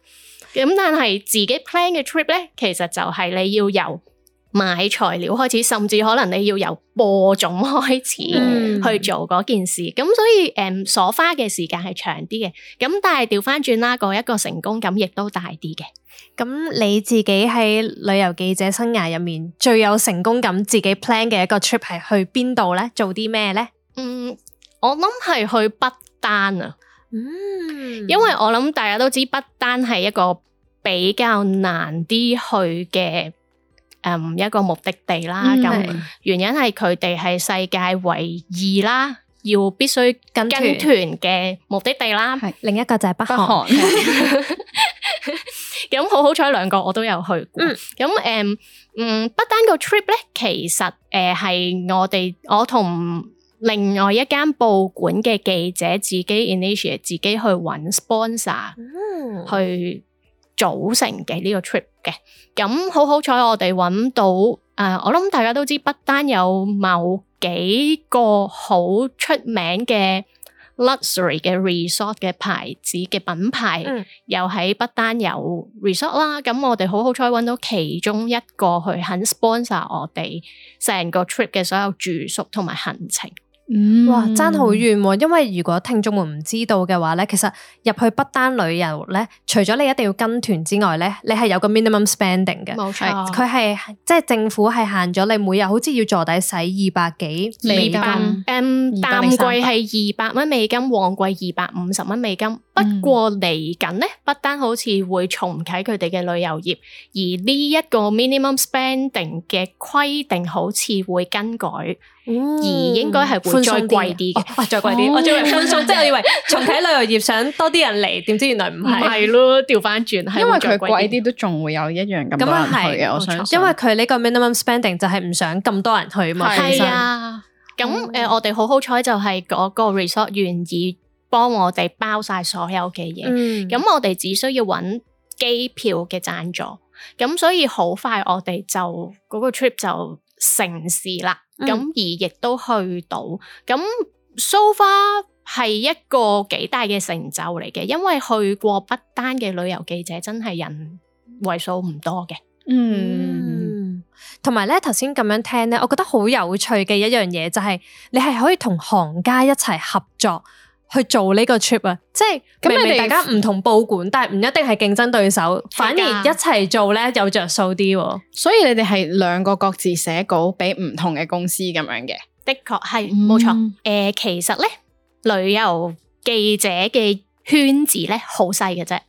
咁但係自己 plan 嘅 trip 咧，其實就係你要由。買材料開始，甚至可能你要由播種開始去做嗰件事，咁、嗯、所以誒、嗯、所花嘅時間係長啲嘅。咁但係調返轉啦，個一個成功感亦都大啲嘅。咁你自己喺旅遊記者生涯入面最有成功感，自己 plan 嘅一個 trip 係去邊度呢？做啲咩呢？嗯，我諗係去不丹啊。嗯，因為我諗大家都知不丹係一個比較難啲去嘅。誒一個目的地啦，咁原因係佢哋係世界唯二啦，要必須跟團嘅目的地啦。另一個就係北韓。咁好好彩，兩個我都有去過。咁誒，嗯，不單個 trip 咧，其實誒係我哋我同另外一間報館嘅記者自己 initiate，自己去揾 sponsor，嗯，去。組成嘅呢個 trip 嘅，咁好好彩我哋揾到，誒、呃，我諗大家都知，不單有某幾個好出名嘅 luxury 嘅 resort 嘅牌子嘅品牌，嗯、又喺不單有 resort 啦，咁我哋好好彩揾到其中一個去肯 sponsor 我哋成個 trip 嘅所有住宿同埋行程。嗯、哇，爭好遠喎、啊！因為如果聽眾們唔知道嘅話咧，其實入去不丹旅遊咧，除咗你一定要跟團之外咧，你係有個 minimum spending 嘅，冇錯。佢係即係政府係限咗你每日好似要坐底使二百幾美金，200, 200, 嗯、淡季係二百蚊美金，旺季二百五十蚊美金。嗯、不過嚟緊咧，不丹好似會重啟佢哋嘅旅遊業，而呢一個 minimum spending 嘅規定好似會更改。嗯、而應該係會再貴啲嘅，哇，再、哦啊、貴啲！我以為即係我以為重啟旅遊業想多啲人嚟，點知原來唔係。唔係咯， <laughs> 調翻轉，因為佢貴啲都仲會有一樣咁多人去嘅，我想，因為佢呢個 minimum spending 就係唔想咁多人去嘛。係、um、啊，咁誒、嗯呃，我哋好好彩就係嗰個 resort 願意幫我哋包晒所有嘅嘢，咁、嗯、我哋只需要揾機票嘅贊助，咁所以好快我哋就嗰個 trip 就。那個城市啦，咁而亦都去到，咁 so far 係一個幾大嘅成就嚟嘅，因為去過不丹嘅旅遊記者真係人為數唔多嘅，嗯，同埋咧頭先咁樣聽咧，我覺得好有趣嘅一樣嘢就係，你係可以同行家一齊合作。去做呢個 trip 啊，即係咁，你哋大家唔同報館，但係唔一定係競爭對手，反而一齊做咧有着數啲。所以你哋係兩個各自寫稿俾唔同嘅公司咁樣嘅，的確係冇錯。誒，其實咧旅遊記者嘅圈子咧好細嘅啫，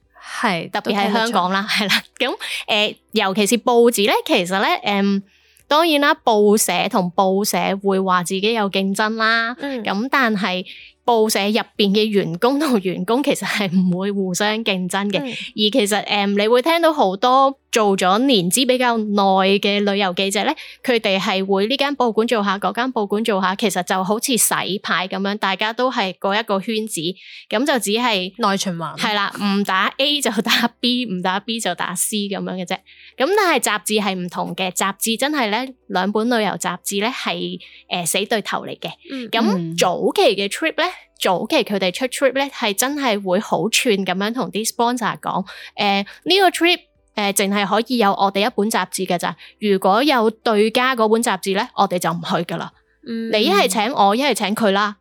係特別係香港啦，係啦。咁誒，尤其是報紙咧，其實咧，誒，當然啦，報社同報社會話自己有競爭啦，咁但係。報社入邊嘅員工同員工其實係唔會互相競爭嘅，嗯、而其實誒、嗯、你會聽到好多做咗年資比較耐嘅旅遊記者咧，佢哋係會呢間報館做下，嗰間報館做下，其實就好似洗牌咁樣，大家都係嗰一個圈子，咁就只係內循環係啦，唔打 A 就打 B，唔打 B 就打 C 咁樣嘅啫。咁但係雜誌係唔同嘅，雜誌真係咧兩本旅遊雜誌咧係誒死對頭嚟嘅。咁、嗯、早期嘅 trip 咧。早期佢哋出 trip 呢，係真係會好串咁樣同啲 sponsor 講，誒、呃、呢、這個 trip 誒淨係可以有我哋一本雜誌嘅咋，如果有對家嗰本雜誌呢，我哋就唔去噶啦。嗯、你一係請我，一係請佢啦。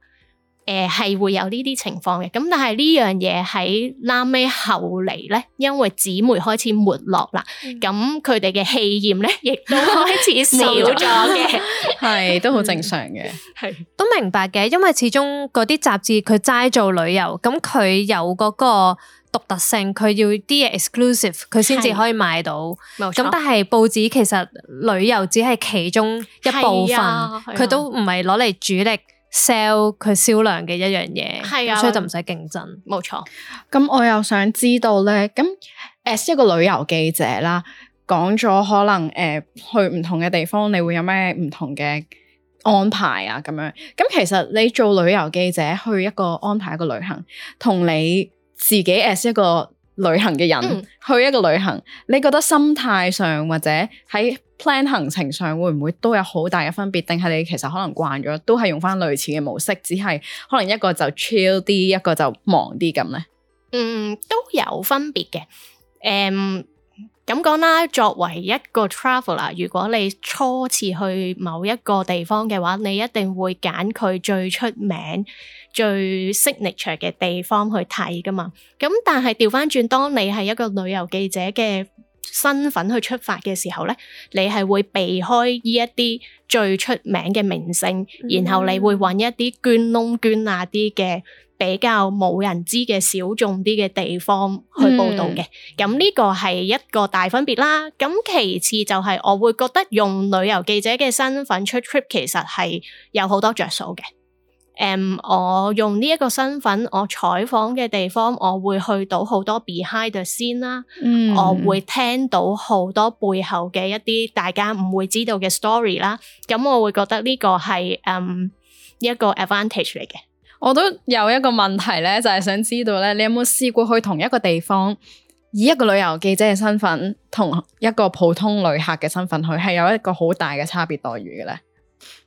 誒係、呃、會有呢啲情況嘅，咁但係呢樣嘢喺拉尾後嚟咧，因為姊妹開始沒落啦，咁佢哋嘅氣焰咧亦都開始少咗嘅，係都好正常嘅，係、嗯、都明白嘅，因為始終嗰啲雜誌佢齋做旅遊，咁佢有嗰個獨特性，佢要啲 exclusive，佢先至可以買到，冇錯。係。咁但係報紙其實旅遊只係其中一部分，佢、啊、都唔係攞嚟主力。sell 佢銷量嘅一樣嘢，啊、所以就唔使競爭。冇錯。咁我又想知道咧，咁 as 一個旅遊記者啦，講咗可能誒、呃、去唔同嘅地方，你會有咩唔同嘅安排啊？咁樣。咁其實你做旅遊記者去一個安排一個旅行，同你自己 as 一個旅行嘅人去一個旅行，嗯、你覺得心態上或者喺 plan 行程上會唔會都有好大嘅分別？定係你其實可能慣咗都係用翻類似嘅模式，只係可能一個就 chill 啲，一個就忙啲咁呢？嗯，都有分別嘅。誒、嗯，咁講啦，作為一個 traveler，如果你初次去某一個地方嘅話，你一定會揀佢最出名、最 signature 嘅地方去睇㗎嘛。咁但係調翻轉，當你係一個旅遊記者嘅身份去出發嘅時候咧，你係會避開呢一啲最出名嘅明星，嗯、然後你會揾一啲捐窿捐罅啲嘅比較冇人知嘅小眾啲嘅地方去報道嘅。咁呢、嗯、個係一個大分別啦。咁其次就係我會覺得用旅遊記者嘅身份出 trip 其實係有好多着數嘅。誒，um, 我用呢一個身份，我採訪嘅地方，我會去到好多 behind the scene 啦、嗯，我會聽到好多背後嘅一啲大家唔會知道嘅 story 啦。咁我會覺得呢個係誒、um, 一個 advantage 嚟嘅。我都有一個問題咧，就係、是、想知道咧，你有冇試過去同一個地方，以一個旅遊記者嘅身份，同一個普通旅客嘅身份去，係有一個好大嘅差別待遇嘅咧？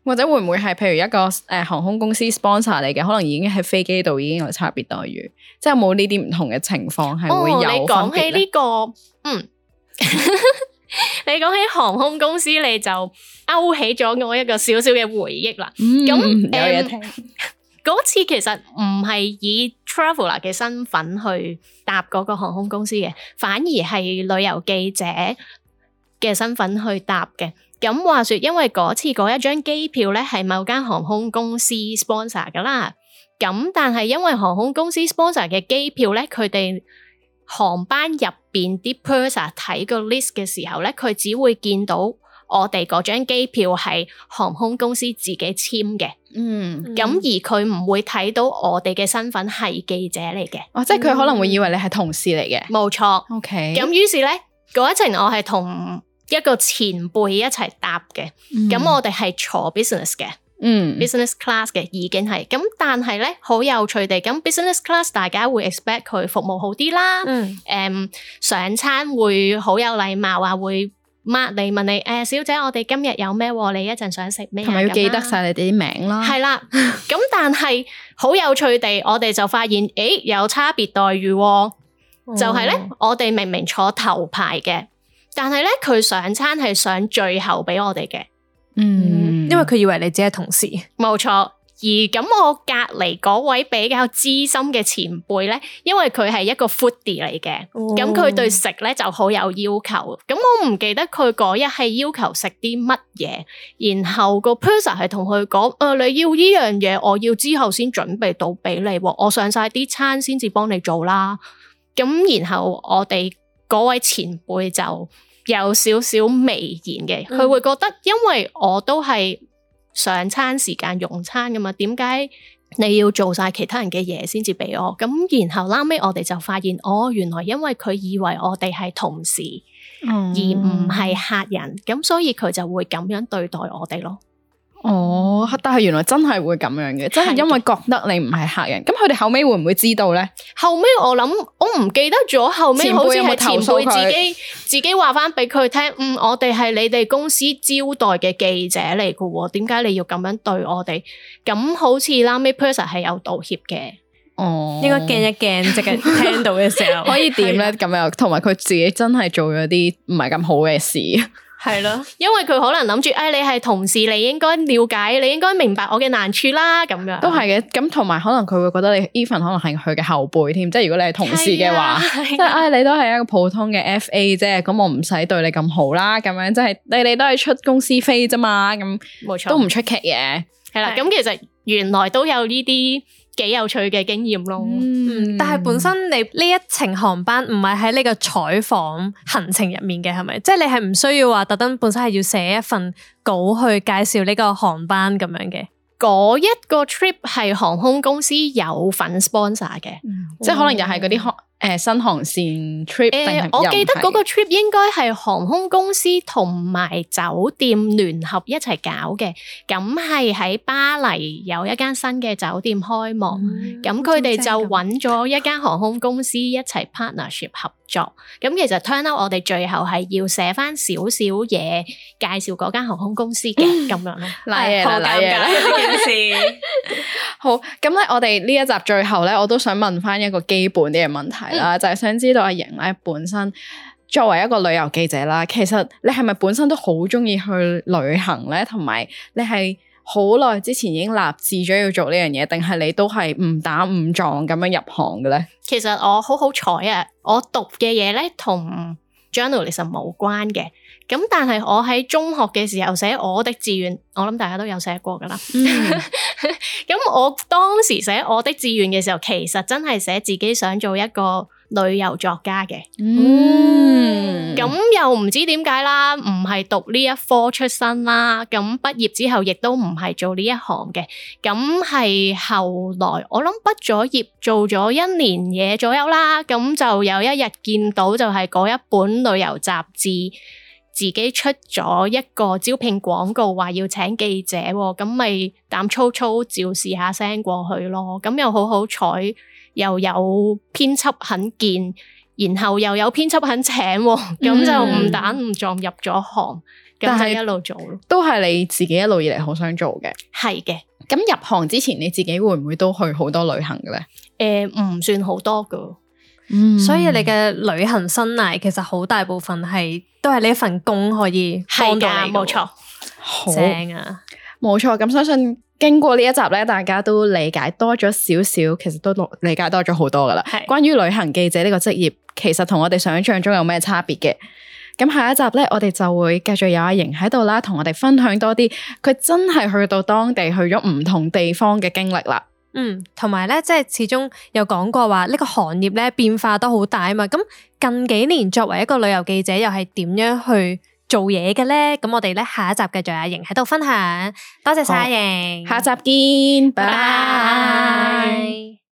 或者會唔會係譬如一個誒、呃、航空公司 sponsor 嚟嘅，可能已經喺飛機度已經有差別待遇，即係冇呢啲唔同嘅情況係會有分別？哦、你講起呢、這個，嗯， <laughs> <laughs> 你講起航空公司，你就勾起咗我一個小小嘅回憶啦。咁有嘢聽。嗰 <laughs> 次其實唔係以 traveler 嘅身份去搭嗰個航空公司嘅，反而係旅遊記者嘅身份去搭嘅。咁話說，因為嗰次嗰一張機票咧，係某間航空公司 sponsor 噶啦。咁但係因為航空公司 sponsor 嘅機票咧，佢哋航班入邊啲 person 睇個 list 嘅時候咧，佢只會見到我哋嗰張機票係航空公司自己簽嘅。嗯。咁、嗯、而佢唔會睇到我哋嘅身份係記者嚟嘅。哦，即係佢可能會以為你係同事嚟嘅。冇錯。OK。咁於是咧，嗰一程我係同。一個前輩一齊搭嘅，咁、嗯、我哋係坐 business 嘅、嗯、，business class 嘅已經係咁，但係咧好有趣地，咁 business class 大家會 expect 佢服務好啲啦，誒、嗯嗯、上餐會好有禮貌啊，會 mark 你問你誒、欸，小姐我哋今日有咩，你一陣想食咩，係咪要記得晒你哋啲名啦，係啦、啊，咁、啊、 <laughs> 但係好有趣地，我哋就發現誒、欸、有差別待遇，就係、是、咧我哋明明，明明坐頭排嘅。但係咧，佢上餐係上最後俾我哋嘅，嗯，因為佢以為你只係同事、嗯，冇錯。而咁我隔籬嗰位比較資深嘅前輩咧，因為佢係一個 foodie 嚟嘅，咁佢、哦、對食咧就好有要求。咁我唔記得佢嗰一係要求食啲乜嘢，然後個 purser 係同佢講，誒、呃，你要呢樣嘢，我要之後先準備到俾你，我上晒啲餐先至幫你做啦。咁然後我哋。嗰位前輩就有少少微言嘅，佢會覺得，因為我都係上餐時間用餐㗎嘛，點解你要做晒其他人嘅嘢先至俾我？咁然後後尾我哋就發現，哦，原來因為佢以為我哋係同事，嗯、而唔係客人，咁所以佢就會咁樣對待我哋咯。哦，但係原來真係會咁樣嘅，真係因為覺得你唔係客人，咁佢哋後尾會唔會知道咧？後尾我諗，我唔記得咗後尾好似係前輩自己自己話翻俾佢聽，嗯，我哋係你哋公司招待嘅記者嚟㗎，點解你要咁樣對我哋？咁好似後尾 person 係有道歉嘅，哦、嗯，應該驚一驚，即係聽到嘅時候 <laughs> 可以點咧？咁又同埋佢自己真係做咗啲唔係咁好嘅事。係咯，因為佢可能諗住，誒，你係同事，你應該了解，你應該明白我嘅難處啦，咁樣。都係嘅，咁同埋可能佢會覺得你 even 可能係佢嘅後輩添，即係如果你係同事嘅話，即係，誒，你都係一個普通嘅 FA 啫，咁我唔使對你咁好啦，咁樣，即係你哋都係出公司飛啫嘛，咁，冇錯，都唔出奇嘅。係啦，咁其實原來都有呢啲。幾有趣嘅經驗咯、嗯，但係本身你呢一程航班唔係喺呢個採訪行程入面嘅，係咪？即係你係唔需要話特登本身係要寫一份稿去介紹呢個航班咁樣嘅。嗰一個 trip 係航空公司有份 sponsor 嘅，嗯、即係可能又係嗰啲誒、呃，新航線 trip，、呃、我記得嗰個 trip 應該係航空公司同埋酒店聯合一齊搞嘅，咁係喺巴黎有一間新嘅酒店開幕，咁佢哋就揾咗一間航空公司一齊 partnership 合作，咁、嗯、其實 turn out 我哋最後係要寫翻少少嘢介紹嗰間航空公司嘅，咁、嗯、樣啊，好，咁咧，我哋呢一集最後咧，我都想問翻一個基本啲嘅問題。係啦，嗯、就係想知道阿瑩咧，本身作為一個旅遊記者啦，其實你係咪本身都好中意去旅行咧？同埋你係好耐之前已經立志咗要做呢樣嘢，定係你都係誤打誤撞咁樣入行嘅咧？其實我好好彩啊！我讀嘅嘢咧，同 journalism 冇關嘅。咁但係我喺中學嘅時候寫我的志願，我諗大家都有寫過㗎啦。咁我當時寫我的志願嘅時候，其實真係寫自己想做一個旅遊作家嘅。嗯，咁又唔知點解啦，唔係讀呢一科出身啦。咁畢業之後亦都唔係做呢一行嘅。咁係後來我諗畢咗業做咗一年嘢左右啦。咁就有一日見到就係嗰一本旅遊雜誌。自己出咗一個招聘廣告，話要請記者喎，咁咪膽粗粗照試下 send 過去咯。咁又好好彩，又有編輯肯見，然後又有編輯肯請，咁就唔打唔撞入咗行，咁、嗯、就一路做咯。都係你自己一路以嚟好想做嘅？係嘅的。咁入行之前你自己會唔會都去好多旅行嘅咧？誒、呃，唔算好多噶。嗯、所以你嘅旅行生涯其實好大部分係都係呢份工可以幫到你嘅。係，冇錯，好正啊，冇錯。咁相信經過呢一集咧，大家都理解多咗少少，其實都理解多咗好多噶啦。係的關於旅行記者呢個職業，其實同我哋想象中有咩差別嘅？咁下一集咧，我哋就會繼續有阿瑩喺度啦，同我哋分享多啲佢真係去到當地去咗唔同地方嘅經歷啦。嗯，同埋咧，即係始終有講過話呢個行業咧，變化都好大啊嘛。咁近幾年作為一個旅遊記者，又係點樣去做嘢嘅咧？咁我哋咧下一集繼續阿瑩喺度分享，多謝晒好阿瑩盈，下集見，拜拜。